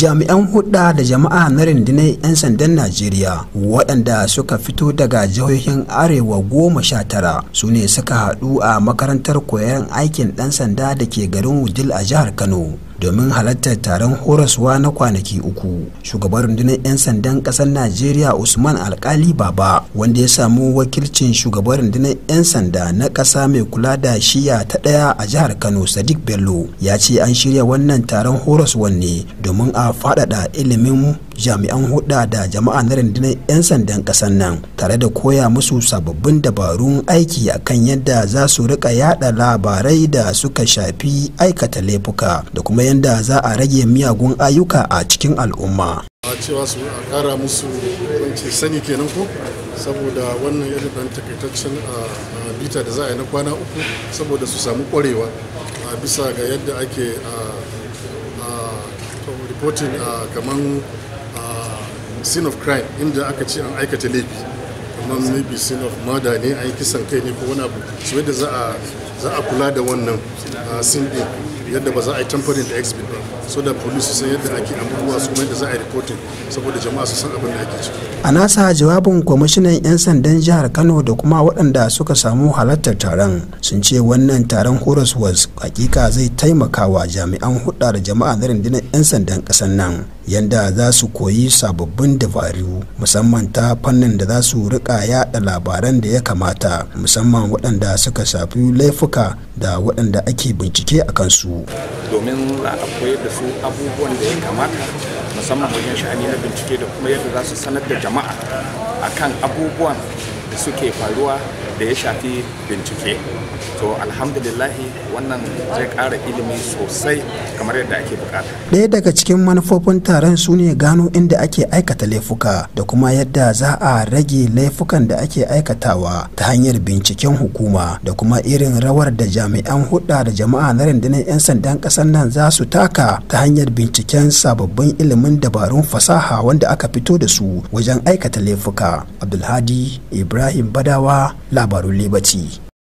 jami'an hudda da jama'a na rindinai 'yan sandan najeriya waɗanda suka fito daga jihohin arewa goma sha tara su ne suka haɗu a makarantar koyon aikin ɗan sanda da ke garin wudil a jihar kano domin halartar taron horaswa na kwanaki uku shugaban rundunar 'yan sandan kasar najeriya usman alkali baba wanda ya samu wakilcin shugaban rundunar 'yan sanda na kasa mai kula da shiya ta ɗaya a jihar kano sadiq bello ya ce an shirya wannan taron horaswa ne domin a faɗaɗa ilimin jami'an huɗa da jama'a na rundunar 'yan sandan ƙasar nan tare da koya musu sababbin dabarun aiki a kan yadda za su rika yada labarai da suka shafi aikata laifuka da kuma yadda za a rage miyagun ayyuka a cikin al'umma. a cewa su a musu wanci sani kenan ko saboda wannan irin ɗan takaitaccen bita da za a yi na kwana uku saboda su samu ƙwarewa a bisa ga yadda ake reporting kamar sin of crime inda aka ce an aikata laifi kamar maybe sin of murder ne an kisan kai ne ko wani abu su yadda za a kula da wannan ah, sin din yadda ba za a yi tampering da exhibit ba so da police su san yadda ake abubuwa su yadda za a yi reporting saboda jama'a su san abin da ake ciki a nasa jawabin kwamishinan 'yan sandan jihar kano da kuma waɗanda suka samu halartar taron sun ce wannan taron horaswas hakika zai taimaka wa jami'an hudda da jama'a na rundunar 'yan sandan ƙasar nan yadda za su koyi sababbin dabaru musamman ta fannin da za su rika yada labaran da ya kamata musamman waɗanda suka shafi laifuka da waɗanda ake bincike a kansu domin a koyar da su abubuwan da ya kamata musamman wajen sha'ani na bincike da kuma yadda za su sanar da jama'a akan abubuwan da suke faruwa da ya shafi bincike to alhamdulillahi wannan zai ƙara ilimi sosai kamar yadda ake bukata ɗaya daga cikin manufofin taron su ne gano inda ake aikata laifuka da kuma yadda za a rage laifukan da ake aikatawa ta hanyar binciken hukuma da kuma irin rawar da jami'an hudda da jama'a na rundunar 'yan sandan ƙasar nan za su taka ta hanyar binciken sababbin ilimin dabarun fasaha wanda aka fito da su wajen aikata laifuka abdulhadi ibrahim badawa labar labarun libaci